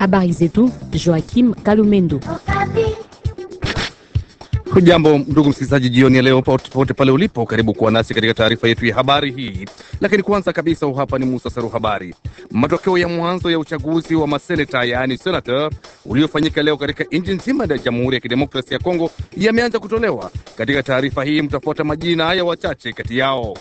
Habari zetu Joakim Kalumendo. Hujambo ndugu msikilizaji, jioni ya leo popote pale ulipo, karibu kuwa nasi katika taarifa yetu ya habari hii. Lakini kwanza kabisa, hapa ni Musa wa habari. Matokeo ya mwanzo ya uchaguzi wa maseneta, yaani senator, uliofanyika leo katika nchi nzima ya Jamhuri ya Kidemokrasia ya Kongo yameanza kutolewa. Katika taarifa hii mtafuata majina ya wachache kati yao.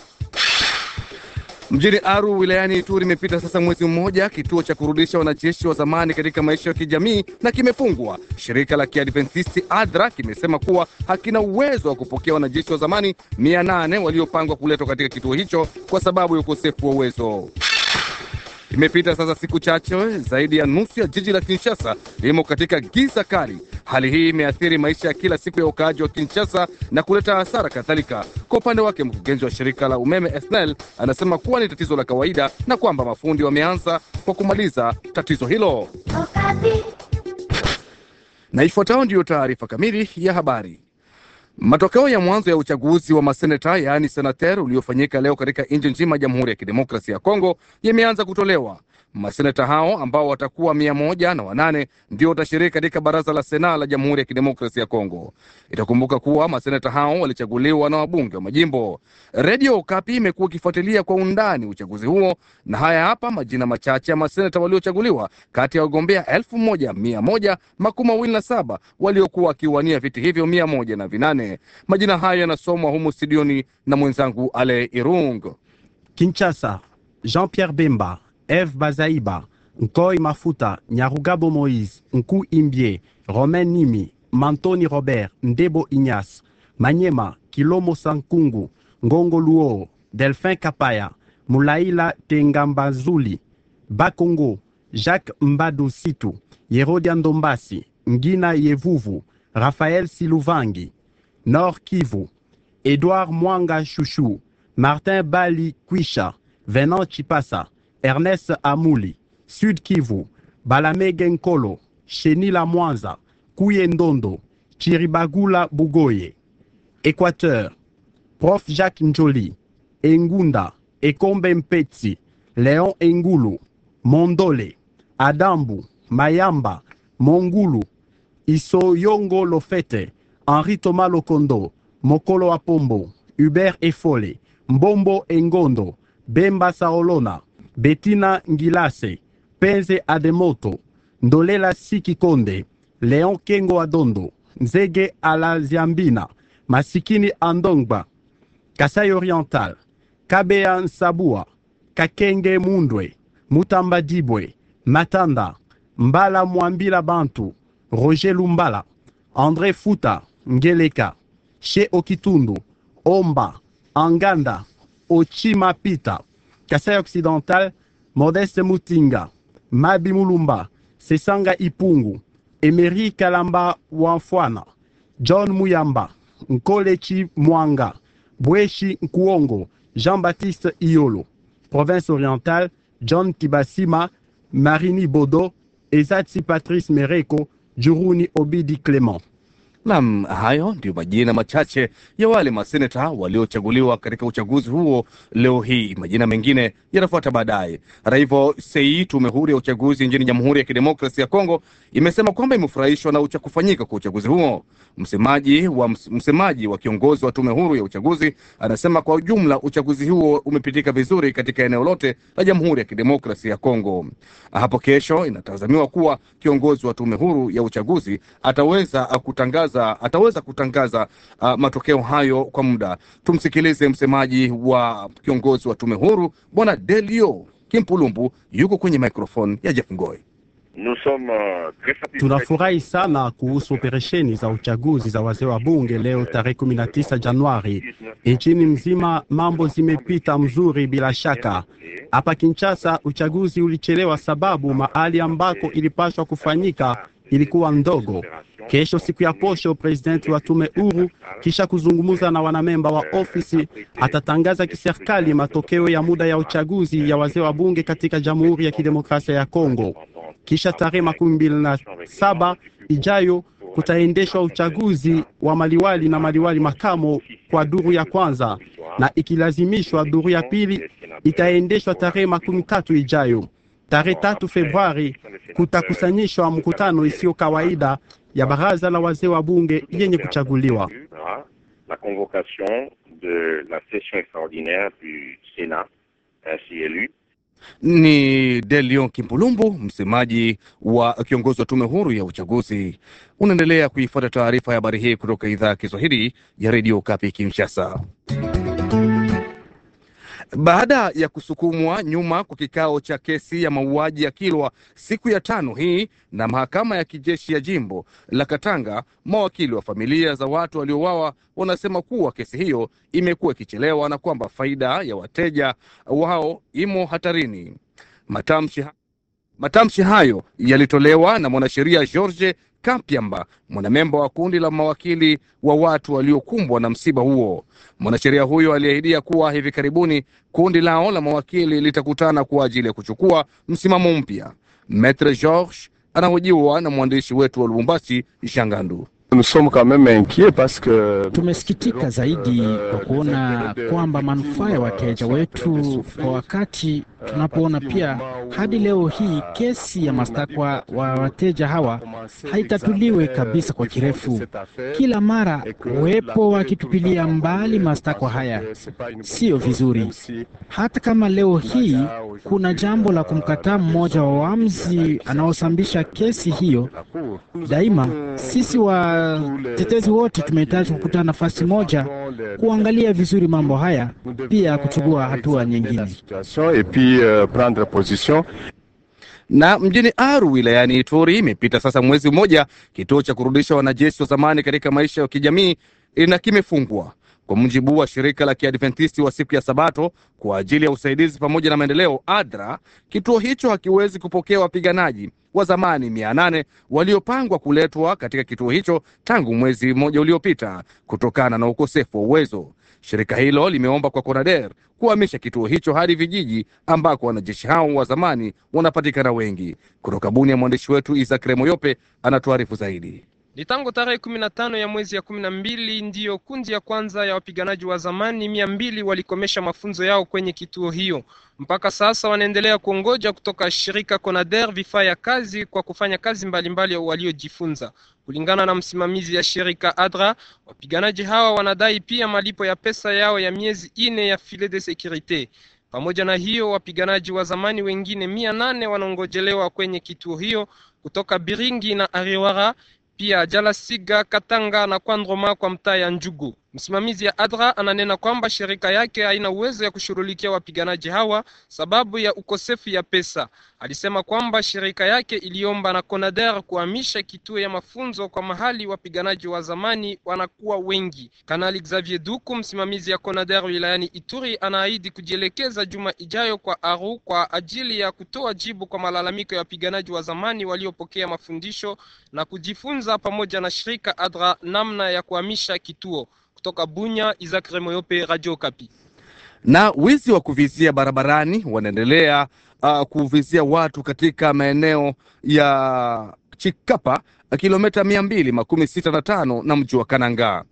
Mjini Aru wilayani Ituri imepita sasa mwezi mmoja, kituo cha kurudisha wanajeshi wa zamani katika maisha ya kijamii na kimefungwa. Shirika la Kiadventisti ADRA kimesema kuwa hakina uwezo wa kupokea wanajeshi wa zamani mia nane waliopangwa kuletwa katika kituo hicho kwa sababu ya ukosefu wa uwezo. Imepita sasa siku chache, zaidi ya nusu ya jiji la Kinshasa limo katika giza kali. Hali hii imeathiri maisha ya kila siku ya ukaaji wa Kinshasa na kuleta hasara kadhalika. Kwa upande wake, mkurugenzi wa shirika la umeme SNEL anasema kuwa ni tatizo la kawaida na kwamba mafundi wameanza kwa kumaliza tatizo hilo. Na ifuatayo ndiyo taarifa kamili ya habari. Matokeo ya mwanzo ya uchaguzi wa maseneta yaani senater uliofanyika leo katika nchi nzima ya Jamhuri ya Kidemokrasia ya Kongo yameanza kutolewa. Maseneta hao ambao watakuwa mia moja na wanane ndio watashiriki katika baraza la Sena la Jamhuri ya Kidemokrasia ya Kongo. Itakumbuka kuwa maseneta hao walichaguliwa na wabunge wa majimbo. Redio Okapi imekuwa ikifuatilia kwa undani uchaguzi huo, na haya hapa majina machache ya maseneta waliochaguliwa kati ya wagombea elfu moja mia moja makumi mawili na saba waliokuwa wakiwania viti hivyo mia moja na vinane. Majina hayo yanasomwa humu studioni na mwenzangu Ale Irung. Kinshasa, Jean Pierre Bemba Eve Bazaiba, Nkoi Mafuta, Nyarugabo Moïse, Nku Imbie, Romain Nimi, Mantoni Robert, Ndebo Ignace, Manyema, Kilomo Sankungu, Ngongo Luo, Delphin Kapaya, Mulaila Tengambazuli, Bakongo, Jacques Mbadu Situ, Yerodia Ndombasi, Ngina Yevuvu, Raphaël Siluvangi, Nord Kivu, Edouard Mwanga Chouchou, Martin Bali kwisha Venant Chipasa, Ernest Amouli, Sud Kivu, Balame Genkolo, Chenila Mwanza, Kuyendondo, Chiribagula Bugoye, Équateur, Prof Jacques Njoli, Engunda, Ekombe Mpetsi, Léon Engulu, Mondole, Adambu, Mayamba, Mongulu, Yongo Lofete, Henri Thomas Lokondo, Mokolo Apombo, Hubert Efole, Mbombo Engondo, Bemba Saolona, Bettina Ngilase, Penze Ademoto, Ndolela Sikikonde, Leon Kengo Adondo, Nzege Alaziambina, Masikini Andongba, Kasai Oriental, Kabea Nsabua, Kakenge Mundwe, Mutamba Dibwe, Matanda, Mbala Mwambila Bantu, Roger Lumbala, André Futa, Ngeleka, Che Okitundu, Omba, Anganda, Ochima Pita, Kassai occidental, Modeste Mutinga, Mabi Mulumba, Sesanga Ipungu, Emery Kalamba Wanfuana, John Muyamba, Nkolechi Mwanga, Bweshi Nkuongo, Jean-Baptiste Iolo. Province orientale, John Kibasima, Marini Bodo, Ezatsi Patrice Mereko, Juruni Obidi Clément. Naam, hayo ndio majina machache ya wale maseneta waliochaguliwa katika uchaguzi huo leo hii. Majina mengine yatafuata baadaye. Hata hivyo, sei tume huru ya uchaguzi nchini Jamhuri ya Kidemokrasia ya Kongo imesema kwamba imefurahishwa na kufanyika kwa uchaguzi huo. Msemaji wa, msemaji wa kiongozi wa tume huru ya uchaguzi anasema kwa ujumla uchaguzi huo umepitika vizuri katika eneo lote la Jamhuri ya Kidemokrasia ya Kongo. Hapo kesho inatazamiwa kuwa kiongozi wa tume huru ya uchaguzi ataweza kutangaza ataweza, ataweza kutangaza uh, matokeo hayo kwa muda. Tumsikilize msemaji wa kiongozi wa tume huru Bwana Delio Kimpulumbu, yuko kwenye mikrofoni ya Jeff Ngoi. Uh, Tunafurahi sana kuhusu operesheni za uchaguzi za wazee wa bunge leo tarehe 19 Januari. Nchini mzima mambo zimepita mzuri bila shaka. Hapa Kinshasa uchaguzi ulichelewa sababu mahali ambako ilipaswa kufanyika ilikuwa ndogo. Kesho siku ya posho, presidenti wa tume huru kisha kuzungumza na wanamemba wa ofisi atatangaza kiserikali matokeo ya muda ya uchaguzi ya wazee wa bunge katika Jamhuri ya Kidemokrasia ya Kongo. Kisha tarehe makumi mbili na saba ijayo kutaendeshwa uchaguzi wa maliwali na maliwali makamo kwa duru ya kwanza, na ikilazimishwa duru ya pili itaendeshwa tarehe makumi tatu ijayo. Tarehe tatu Februari kutakusanyishwa mkutano isiyo kawaida ya baraza la wazee wa bunge yenye kuchaguliwa. La convocation de la session extraordinaire du Senat ainsi élu. Ni Delion Kimpulumbu, msemaji wa kiongozi wa tume huru ya uchaguzi. Unaendelea kuifuata taarifa ya habari hii kutoka idhaa ya Kiswahili ya redio Kapi Kinshasa. Baada ya kusukumwa nyuma kwa kikao cha kesi ya mauaji ya Kilwa siku ya tano hii na mahakama ya kijeshi ya jimbo la Katanga, mawakili wa familia za watu waliouawa wanasema kuwa kesi hiyo imekuwa ikichelewa na kwamba faida ya wateja wao imo hatarini. Matamshi Matamshi hayo yalitolewa na mwanasheria George Kapyamba, mwanamemba wa kundi la mawakili wa watu waliokumbwa na msiba huo. Mwanasheria huyo aliahidia kuwa hivi karibuni kundi lao la mawakili litakutana kwa ajili ya kuchukua msimamo mpya. Maitre George anahojiwa na mwandishi wetu wa Lubumbashi, Shangandu. Tumesikitika zaidi kwa kuona kwamba manufaa ya wateja wetu kwa wakati tunapoona pia hadi leo hii kesi ya mastakwa wa wateja hawa haitatuliwe kabisa kwa kirefu. Kila mara uwepo wakitupilia mbali mastakwa haya, sio vizuri. Hata kama leo hii kuna jambo la kumkataa mmoja wa wamzi anaosambisha kesi hiyo, daima sisi watetezi wote tumehitaji kukutana nafasi moja, kuangalia vizuri mambo haya, pia kuchukua hatua nyingine prendre position na mjini Aru wilayani Ituri imepita sasa mwezi mmoja, kituo cha kurudisha wanajeshi wa zamani katika maisha ya kijamii na kimefungwa kwa mujibu wa shirika la Kiadventisti wa siku ya Sabato kwa ajili ya usaidizi pamoja na maendeleo ADRA. Kituo hicho hakiwezi kupokea wapiganaji wa zamani mia nane waliopangwa kuletwa katika kituo hicho tangu mwezi mmoja uliopita kutokana na ukosefu wa uwezo. Shirika hilo limeomba kwa CONADER kuhamisha kituo hicho hadi vijiji ambako wanajeshi hao wa zamani wanapatikana wengi. Kutoka Bunia, mwandishi wetu Isaac Remoyope anatuarifu zaidi. Ni tangu tarehe kumi na tano ya mwezi ya kumi na mbili ndiyo kundi ya kwanza ya wapiganaji wa zamani mia mbili walikomesha mafunzo yao kwenye kituo hiyo. Mpaka sasa wanaendelea kuongoja kutoka shirika Konader vifaa ya kazi kwa kufanya kazi mbalimbali waliojifunza. Kulingana na msimamizi ya shirika Adra, wapiganaji hawa wanadai pia malipo ya pesa yao ya miezi ine ya filet de securite. Pamoja na hiyo, wapiganaji wa zamani wengine mia nane wanaongojelewa kwenye kituo hiyo kutoka Biringi na Ariwara pia Jalasiga, Katanga na Kwandroma kwa mtaa ya Njugu. Msimamizi ya ADRA ananena kwamba shirika yake haina uwezo ya kushughulikia wapiganaji hawa sababu ya ukosefu ya pesa. Alisema kwamba shirika yake iliomba na CONADER kuhamisha kituo ya mafunzo kwa mahali wapiganaji wa zamani wanakuwa wengi. Kanali Xavier Duku, msimamizi ya CONADER wilayani Ituri, anaahidi kujielekeza juma ijayo kwa Aru kwa ajili ya kutoa jibu kwa malalamiko ya wapiganaji wa zamani waliopokea mafundisho na kujifunza pamoja na shirika ADRA namna ya kuhamisha kituo. Kutoka Bunya, Isaac Remoyope, Radio Kapi. Na wizi wa kuvizia barabarani wanaendelea uh, kuvizia watu katika maeneo ya Chikapa, kilomita mia mbili makumi sita na tano na mji wa Kananga.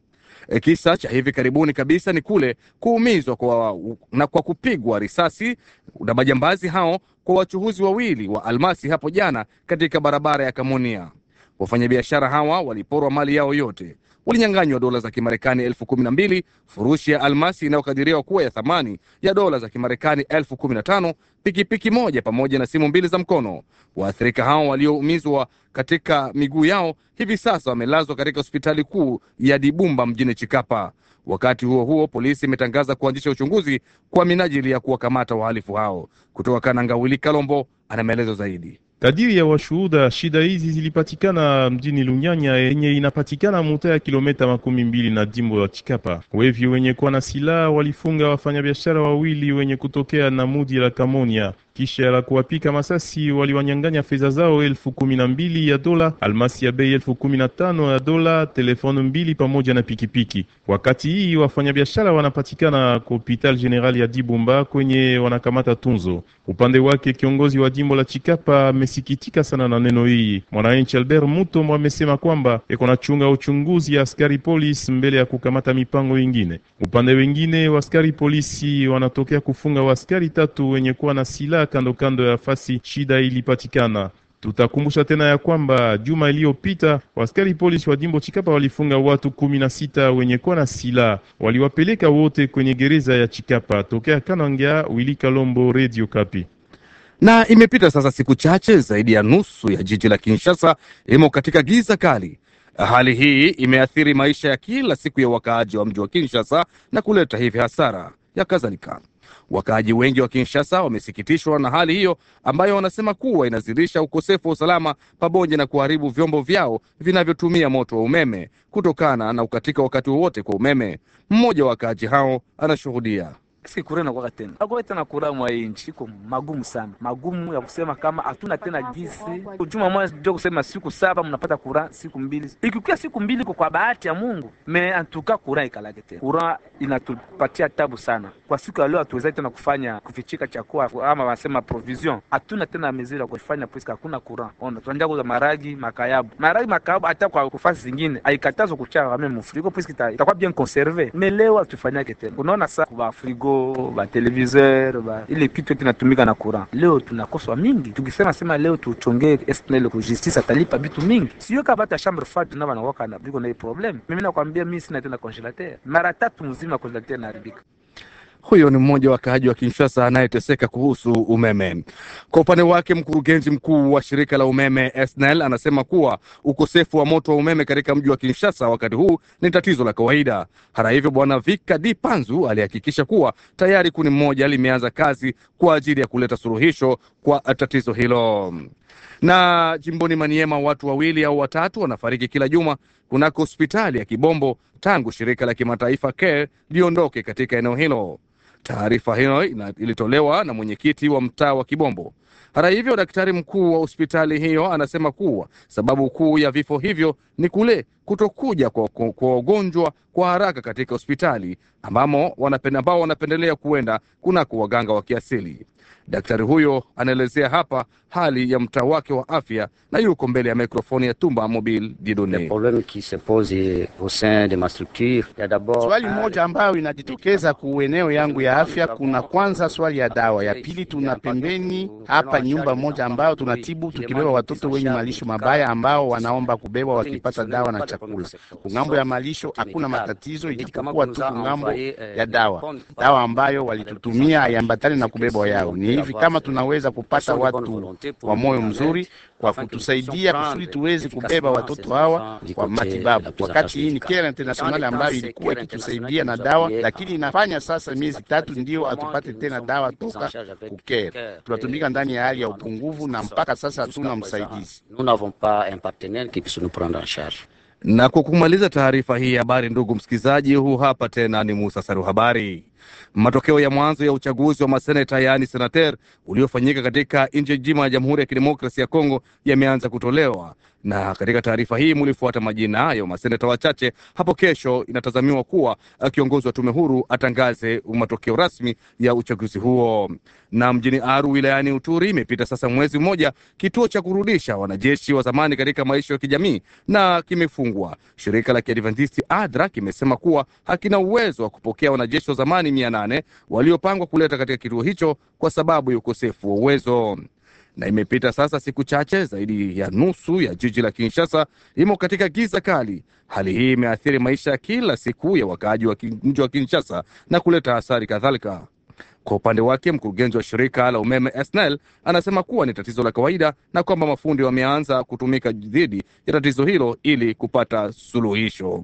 Eh, kisa cha hivi karibuni kabisa ni kule kuumizwa kwa, na kwa kupigwa risasi na majambazi hao kwa wachuhuzi wawili wa almasi hapo jana katika barabara ya Kamonia. Wafanyabiashara hawa waliporwa mali yao yote walinyang'anywa dola za Kimarekani elfu kumi na mbili, furushi ya almasi inayokadiriwa kuwa ya thamani ya dola za Kimarekani elfu kumi na tano, pikipiki moja pamoja na simu mbili za mkono. Waathirika hao walioumizwa katika miguu yao hivi sasa wamelazwa katika hospitali kuu ya Dibumba mjini Chikapa. Wakati huo huo, polisi imetangaza kuanzisha uchunguzi kwa minajili ya kuwakamata wahalifu hao. Kutoka Kananga, Wili Kalombo ana maelezo zaidi. Kadiri ya washuhuda, shida hizi zilipatikana mjini Lunyanya yenye inapatikana muta ya kilomita makumi mbili na jimbo la Chikapa. Wevi wenye kuwa na silaha walifunga wafanyabiashara wawili wenye kutokea na mudi la Kamonia kisha la kuwapika masasi waliwanyang'anya fedha zao elfu kumi na mbili ya dola, almasi ya bei elfu kumi na tano ya dola, telefoni mbili pamoja na pikipiki. Wakati hii wafanyabiashara wanapatikana kwa hopital general ya Dibumba kwenye wanakamata tunzo. Upande wake kiongozi wa jimbo la Chikapa amesikitika sana na neno hii. Mwananchi Albert Mutombo amesema kwamba iko na chunga uchunguzi ya askari polisi mbele ya kukamata mipango ingine. Upande wengine, waskari polisi wanatokea kufunga waskari tatu wenye kuwa na silaha kando kando ya fasi shida ilipatikana. Tutakumbusha tena ya kwamba juma iliyopita waskari polisi wa jimbo Chikapa walifunga watu kumi na sita wenye kuwa na silaha, waliwapeleka wote kwenye gereza ya Chikapa. Tokea kanangia Wili Kalombo, Radio Kapi. Na imepita sasa siku chache, zaidi ya nusu ya jiji la Kinshasa imo katika giza kali. Hali hii imeathiri maisha ya kila siku ya wakaaji wa mji wa Kinshasa na kuleta hivi hasara ya kadhalika. Wakaaji wengi wa Kinshasa wamesikitishwa na hali hiyo ambayo wanasema kuwa inazidisha ukosefu wa usalama pamoja na kuharibu vyombo vyao vinavyotumia moto wa umeme kutokana na ukatika wakati wowote kwa umeme. Mmoja wa wakaaji hao anashuhudia sikure na kwaka tena akoe tena kura mwa inchi iko magumu sana, magumu ya kusema kama hatuna tena gisi juma mwa ndio kusema siku saba mnapata kura siku mbili, ikikia siku mbili iko kwa bahati ya Mungu me antuka kura ikalake tena. Kura inatupatia tabu sana kwa siku ya leo, hatuweza tena kufanya kufichika chakua ama wasema provision, hatuna tena mezira ya kufanya puisika hakuna kura. Ona tunaenda kuuza maragi makayabu, maragi makayabu hata kwa kufasi zingine aikatazwa kuchaka kama mfrigo puisika itakuwa bien conserve, mais leo atufanyake tena unaona sasa kwa frigo radio, bateleviseur ba, ile kitu yote inatumika na courant. Leo tunakoswa mingi, tukisema sema leo tuchongee SNEL ku justice atalipa bitu mingi, sio kama hata chambre fat na wanawaka na biko na problem. Mimi nakwambia mimi sina tena congelateur, mara tatu mzima congelateur inaharibika. Huyo ni mmoja wa kaaji wa Kinshasa anayeteseka kuhusu umeme. Kwa upande wake, mkurugenzi mkuu wa shirika la umeme SNEL anasema kuwa ukosefu wa moto wa umeme katika mji wa Kinshasa wakati huu ni tatizo la kawaida. Hata hivyo, bwana Vika Di Panzu alihakikisha kuwa tayari kuni mmoja limeanza kazi kwa ajili ya kuleta suluhisho kwa tatizo hilo. Na jimboni Maniema, watu wawili au watatu wanafariki kila juma kunako hospitali ya Kibombo tangu shirika la kimataifa Care liondoke katika eneo hilo. Taarifa hiyo ilitolewa na mwenyekiti wa mtaa wa Kibombo. Hata hivyo, daktari mkuu wa hospitali hiyo anasema kuwa sababu kuu ya vifo hivyo ni kule kutokuja kwa wagonjwa kwa haraka katika hospitali ambao wanapendelea kuenda kunako waganga wa kiasili. Daktari huyo anaelezea hapa hali ya mtaa wake wa afya na yuko mbele ya mikrofoni ya Tumba Mobile Didone. Swali euh, moja ambayo inajitokeza ku eneo yangu ya afya, kuna kwanza swali ya dawa, ya pili tuna pembeni hapa nyumba moja ambayo tunatibu tukibeba watoto wenye malisho mabaya ambao wanaomba kubebwa wakipata dawa na chakula. Kungambo ya malisho hakuna matatizo, ikipokuwa tu kungambo ya dawa, dawa ambayo walitutumia haiambatani na kubebwa yao ni hivi kama tunaweza kupata watu wa moyo mzuri kwa kutusaidia kusudi tuweze kubeba watoto hawa kwa matibabu. Wakati hii ni Care International ambayo ilikuwa ikitusaidia na dawa, lakini inafanya sasa miezi tatu ndio atupate tena dawa toka kukere. Tunatumika ndani ya hali ya upungufu na mpaka sasa hatuna msaidizi na kwa kumaliza taarifa hii habari, ndugu msikilizaji, huu hapa tena ni Musa Saru habari. Matokeo ya mwanzo ya uchaguzi wa maseneta yaani senater uliofanyika katika nchi jima ya Jamhuri ya Kidemokrasia ya Kongo yameanza kutolewa, na katika taarifa hii mulifuata majina hayo maseneta wachache. Hapo kesho inatazamiwa kuwa eh, kiongozi wa tume huru atangaze matokeo rasmi ya uchaguzi huo. Na mjini Aru wilayani Uturi, imepita sasa mwezi mmoja kituo cha kurudisha wanajeshi wa zamani katika maisha ya kijamii na kimefungwa. Shirika la Kiadventisti ADRA kimesema kuwa hakina uwezo wa kupokea wanajeshi wa zamani tani mia nane waliopangwa kuleta katika kituo hicho kwa sababu ya ukosefu wa uwezo na imepita sasa siku chache, zaidi ya nusu ya jiji la Kinshasa imo katika giza kali. Hali hii imeathiri maisha ya kila siku ya wakaaji wa mji wa Kinshasa na kuleta hasara kadhalika. Kwa upande wake, mkurugenzi wa shirika la umeme SNEL anasema kuwa ni tatizo la kawaida na kwamba mafundi wameanza kutumika dhidi ya tatizo hilo ili kupata suluhisho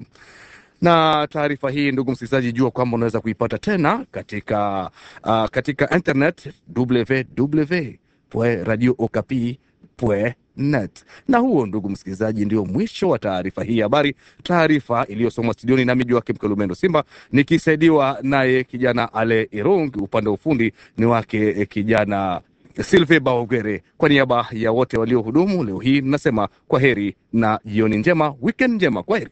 na taarifa hii, ndugu msikilizaji, jua kwamba unaweza kuipata tena katika, uh, katika internet www.radiookapi.net. Na huo, ndugu msikilizaji, ndio mwisho wa taarifa hii habari, taarifa iliyosomwa studioni na miji wake Mkalumendo Simba nikisaidiwa naye kijana Ale Irung, upande wa ufundi ni wake eh, kijana Silve Baogere. Kwa niaba ya wote waliohudumu leo hii, nasema kwa heri na jioni njema, weekend njema, kwa heri.